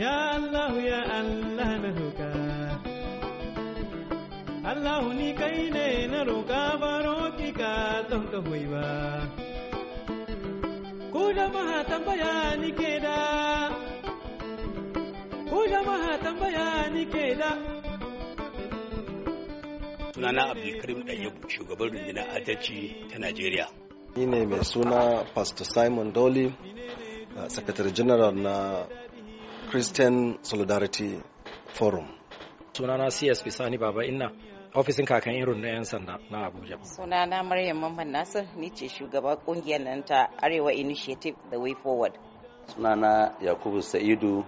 Ya Allah ya Allah na Allah ni kai ne na roƙa a ki ka ba da tambaya Sunana Abdulkarim shugaban rundunar adalci ta Najeriya Ni ne mai suna Pastor Simon Dolly uh, Sakatare General na Christian Solidarity Forum. Sunana CSP Sani Baba Inna, ofisin kakan irin na 'yan sanda na Abuja. Sunana Maryam Mamman Nasir, ni ce shugaba kungiyar nan ta Arewa Initiative The Way Forward. Sunana Yakubu Sa'idu,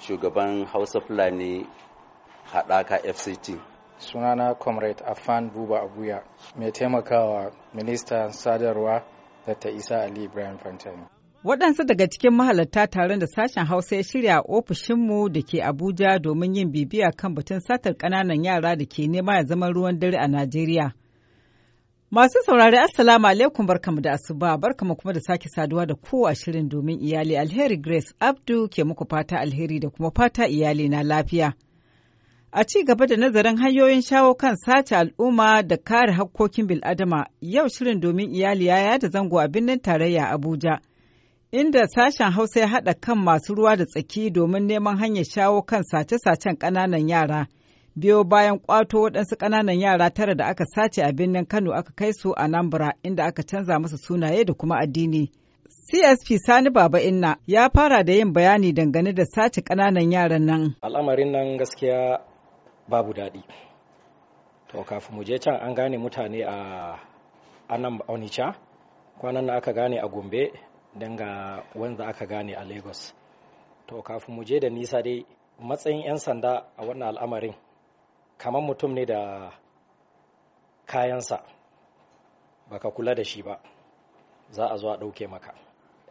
shugaban Hausa Fulani Haɗaka FCT. Sunana Comrade Afan Buba Abuya, mai taimakawa minista sadarwa da ta Isa Ali Ibrahim Fantani. Waɗansu daga cikin mahalarta taron da sashen Hausa ya shirya a ofishinmu da ke Abuja domin yin bibiya kan batun satar ƙananan yara da ke nema ya zama ruwan dare a Najeriya. Masu saurari Assalamu alaikum barkamu da asuba barkamu kuma da sake saduwa da ko a shirin domin iyali alheri Grace Abdu ke muku fata alheri da kuma fata iyali na lafiya. A ci gaba da nazarin hanyoyin shawo kan sace al'umma da kare hakkokin bil'adama yau shirin domin iyali ya yada zango a birnin tarayya Abuja. inda sashen Hausa ya haɗa kan masu ruwa da tsaki domin neman hanyar shawo kan sace-sacen ƙananan yara. Biyo bayan ƙwato waɗansu ƙananan yara tara da aka sace a birnin Kano aka kai su a Nambra inda aka canza musu sunaye da kuma addini. CSP Sani Baba Inna ya fara da yin bayani dangane da sace ƙananan yaran nan. Al'amarin nan gaskiya babu daɗi. To kafin mu je can an gane mutane a anan Onitsha, kwanan aka gane a Gombe, don ga wanda aka gane a lagos to kafin mu je da nisa dai matsayin 'yan sanda a wannan al'amarin kamar mutum ne da kayansa baka kula da shi ba za a zo a ɗauke maka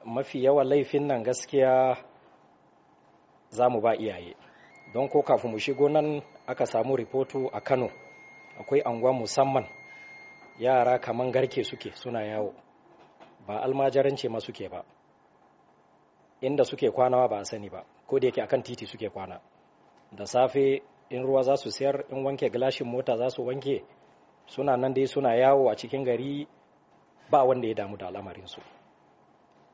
mafi yawan laifin nan gaskiya za mu ba iyaye don ko kafin mu shigo nan aka samu ripoto a kano akwai anguwa musamman yara kamar garke suke suna yawo ba almajarance ma suke ba inda suke kwanawa ba a sani ba ko da yake akan titi suke kwana da safe in ruwa za su sayar in wanke gilashin mota za su wanke suna nan dai suna yawo a cikin gari ba wanda ya damu da al'amarinsu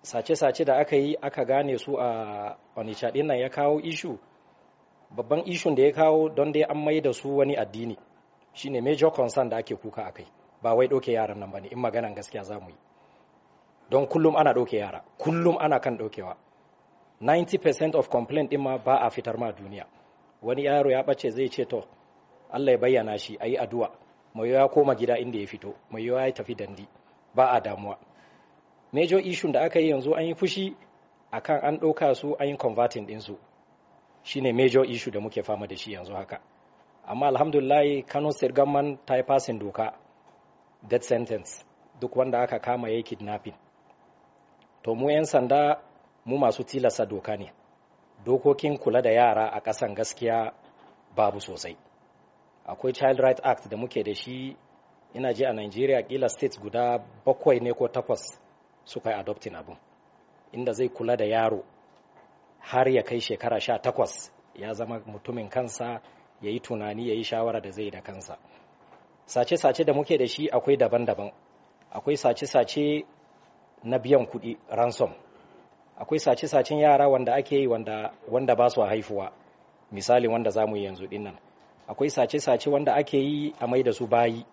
sace-sace da aka yi aka gane su a onitsha nan ya kawo ishu babban ishun da ya kawo don dai an mai da su wani addini shine major concern da ake kuka a kai ba wai ɗauke yaran nan ba ne in maganan gaskiya za mu yi don kullum ana ɗauke yara kullum ana kan ɗaukewa 90% of complaint ɗin ma ba a fitar ma duniya wani yaro ya ɓace zai ce to Allah ya bayyana shi a yi addu'a mai ya koma gida inda ya fito mai ya tafi dandi ba a damuwa major issue da aka yi yanzu an yi fushi akan an ɗauka su an yi converting ɗinsu shine major issue da muke fama da shi yanzu haka amma alhamdulillah kano state government ta yi fasin doka death sentence duk wanda aka kama ya yi kidnapping to mu 'yan sanda mu masu tilasta doka ne dokokin kula da yara a ƙasan gaskiya babu sosai akwai child right act da muke da shi ina ji a nigeria kila states guda bakwai ne ko takwas suka yi adoptin abin inda zai kula da yaro har ya kai shekara sha takwas ya zama mutumin kansa ya yi tunani ya yi shawara da zai da kansa sace-sace da muke da shi akwai daban-daban akwai sace-sace na biyan kuɗi ransom akwai sace-sacen yara wanda ake yi wanda, ba su haifuwa misali wanda za mu yi yanzu dinnan akwai sace-sace wanda ake yi a mai da su bayi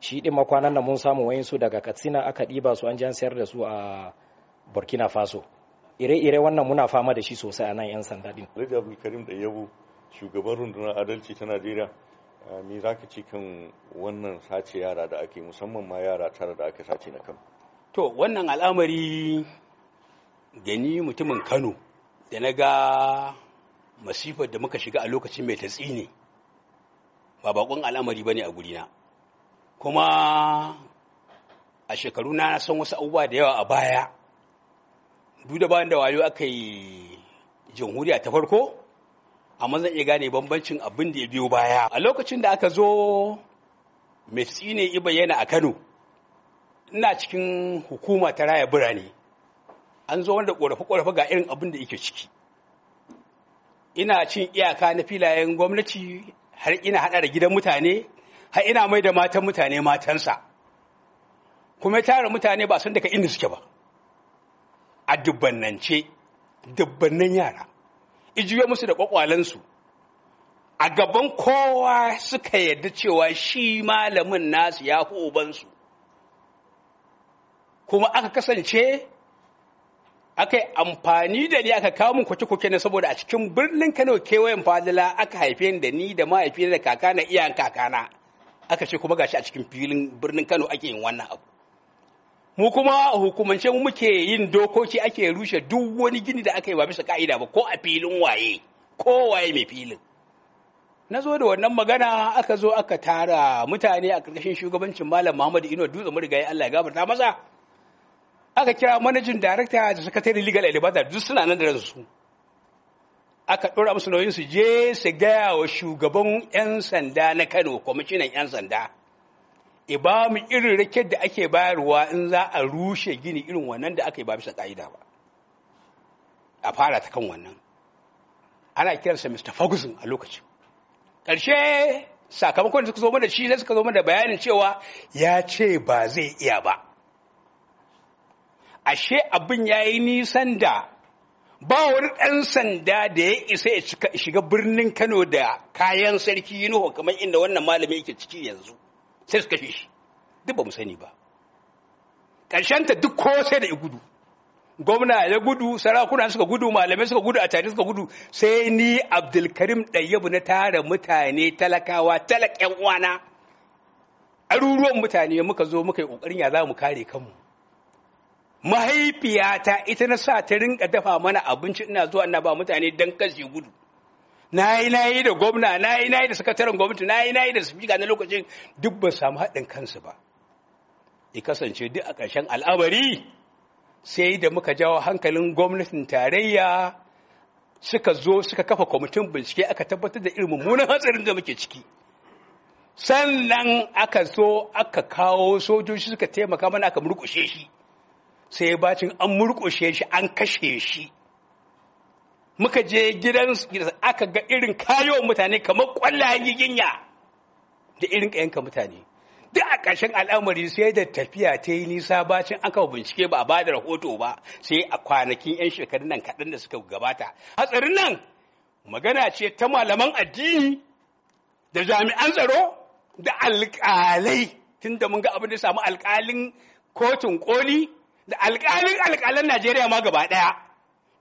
shi ɗin makwanan da mun samu su daga katsina aka ɗiba su an jan sayar da su a burkina faso ire-ire wannan muna fama da shi sosai a nan 'yan sanda ɗin. da abdulkarim da yabo shugaban rundunar adalci ta najeriya eh, me za ka ci kan wannan sace yara da ake musamman ma yara tara da aka sace na kan To, wannan al'amari gani mutumin Kano da na ga masifar da muka shiga a lokacin mai tatsi ne, ba bakon al'amari ba ne a gudina. Kuma a shekaru na san wasu abubuwa da yawa a baya, duk da bayan da wayo aka yi jamhuriya ta farko, amma zan iya gane bambancin abin da ya biyo baya. A lokacin da aka zo mai tsine iba i bayyana a Kano. ina cikin hukuma ta raya birane an zo wanda ƙorafe-ƙorafe ga irin abin da yake ciki ina cin iyaka na filayen gwamnati har ina haɗa da gidan mutane har ina mai da matan mutane matansa kuma tara mutane ba sun daga inda suke ba a dubbannance dubbannan yara ijiye musu da kwakwalensu a gaban kowa suka yarda cewa shi malamin nasu ya fi ubansu kuma aka kasance aka amfani da ni aka kawo min kwake na saboda a cikin birnin Kano kewayen Fadila aka haife ni da ni da mahaifina da kakana iyayen kakana aka ce kuma gashi a cikin filin birnin Kano ake yin wannan abu mu kuma hukumance mu muke yin dokoki ake rushe duk wani gini da aka yi ba bisa ka'ida ba ko a filin waye ko waye mai filin na zo da wannan magana aka zo aka tara mutane a ƙarƙashin shugabancin malam Muhammad Ino Dutse mu riga Allah ya gafarta masa aka kira manajin darakta da sakatare legal advisor duk suna nan da ransu aka ɗora musu nauyin su je su gaya wa shugaban 'yan sanda na kano kwamishinan 'yan sanda ba mu irin rake da ake bayarwa in za a rushe gini irin wannan da aka yi ba bisa ƙa'ida ba a fara ta kan wannan ana kiransa mr ferguson a lokacin ƙarshe sakamakon da suka zo mana shi ne suka zo mana bayanin cewa ya ce ba zai iya ba ashe abin ya yi nisan da ba wani ɗan sanda da ya isa ya shiga birnin Kano da kayan sarki nuhu kamar inda wannan malami yake ciki yanzu sai su kashe shi duk ba mu sani ba ta duk ko sai da ya gudu gwamna ya gudu sarakuna suka gudu malamai suka gudu a tare suka gudu sai ni abdulkarim ɗayyabu na tara mutane talakawa talak uwana ɗaruruwan mutane muka zo muka yi ƙoƙarin ya za mu kare kanmu mahaifiyata ita na sa ta rinka dafa mana abinci ina zuwa na ba mutane dan kasi gudu na yi na yi da gwamna na yi na yi da sakataren gwamnati na yi na yi da sufika na lokacin duk ba samu haɗin kansu ba ya kasance duk a ƙarshen al'amari sai da muka jawo hankalin gwamnatin tarayya suka zo suka kafa kwamitin bincike aka tabbatar da irin mummunan hatsarin da muke ciki sannan aka so aka kawo sojoji suka taimaka mana aka murkushe shi sai bacin an murƙushe shi an kashe shi muka je gidan aka ga irin kayo mutane kamar ƙwallayen giginya da irin ƙayanka mutane duk a ƙarshen al'amari sai da tafiya ta yi nisa bacin aka bincike ba a ba da rahoto ba sai a kwanakin 'yan shekarun nan kaɗan da suka gabata hatsarin nan magana ce ta malaman addini da jami'an tsaro da alƙalai tunda mun ga abin da samu alƙalin kotun koli da alƙalin alƙalan Najeriya ma gaba ɗaya.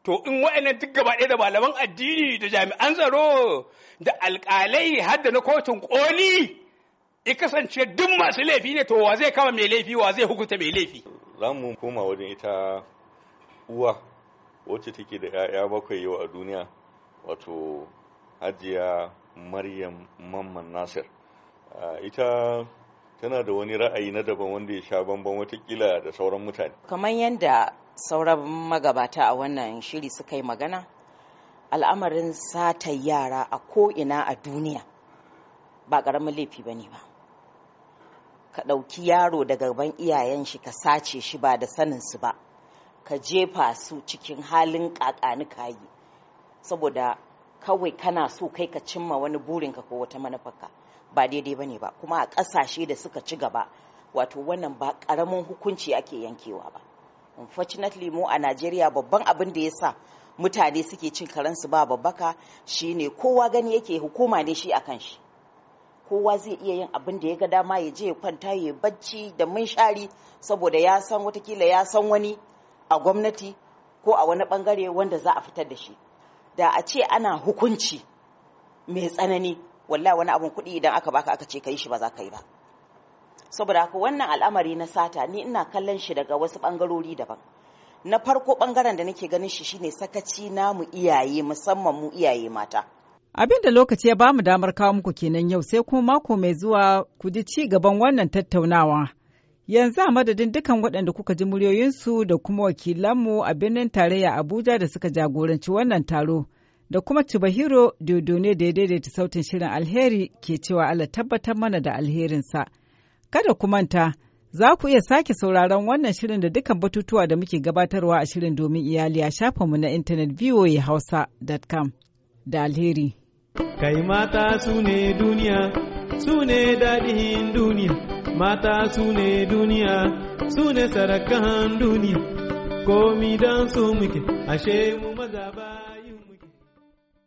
To in wa'annan duk gaba ɗaya da malaman addini da jami'an tsaro da alƙalai har da na kotun ƙoli ya kasance duk masu laifi ne to wa zai kama mai laifi wa zai hukunta mai laifi. Za mu koma wajen ita uwa wacce take da 'ya'ya bakwai yau a duniya wato hajiya Maryam Mamman Nasir. Ita tana da wani ra'ayi na daban wanda ya sha bamban watakila da sauran mutane kamar yadda sauran magabata a wannan shiri suka yi magana al'amarin sata yara a ko'ina a duniya ba ƙaramin laifi ba ne ba ka ɗauki yaro daga ban iyayen shi ka sace shi ba da sanin su ba ka jefa su cikin halin ƙaƙani kayi saboda kawai kana so kai ka cimma wani burinka ko wata manufarka ba daidai ba ne ba kuma a ƙasashe da suka ci gaba wato wannan ba ƙaramin hukunci ake yankewa ba unfortunately mu a najeriya babban abin da ya sa mutane suke cin karansu ba babbaka shine kowa gani yake hukuma ne shi a kan shi kowa zai iya yin abin da ya ga dama ya je ya kwanta ya bacci da munshari saboda ya san watakila ya san wani a gwamnati ko a wani bangare wanda za a fitar da shi da a ce ana hukunci mai tsanani wallahi wani abun kuɗi idan aka baka aka ce ka yi shi ba za ka yi ba saboda haka wannan al'amari na sata ni ina kallon shi daga wasu bangarori daban na farko bangaren da nake ganin shi shine sakaci na mu iyaye musamman mu iyaye mata abin da lokaci ya bamu damar kawo muku kenan yau sai kuma mako mai zuwa ku ji ci gaban wannan tattaunawa yanzu a madadin dukan waɗanda kuka ji muryoyinsu da kuma wakilanmu a birnin tarayya abuja da suka jagoranci wannan taro da kuma Tubahiro Dodone da ya daidaita sautin shirin alheri ke cewa Allah tabbatar mana da alherinsa. Kada ku manta, za ku iya sake sauraron wannan shirin da dukkan batutuwa da muke gabatarwa a shirin domin iyali a shafinmu na intanet voahausa.com da alheri. Kai mata su ne duniya, su ne daɗin duniya, mata su ne duniya, su ne sarakan duniya, komi don su muke, ashe mu maza ba.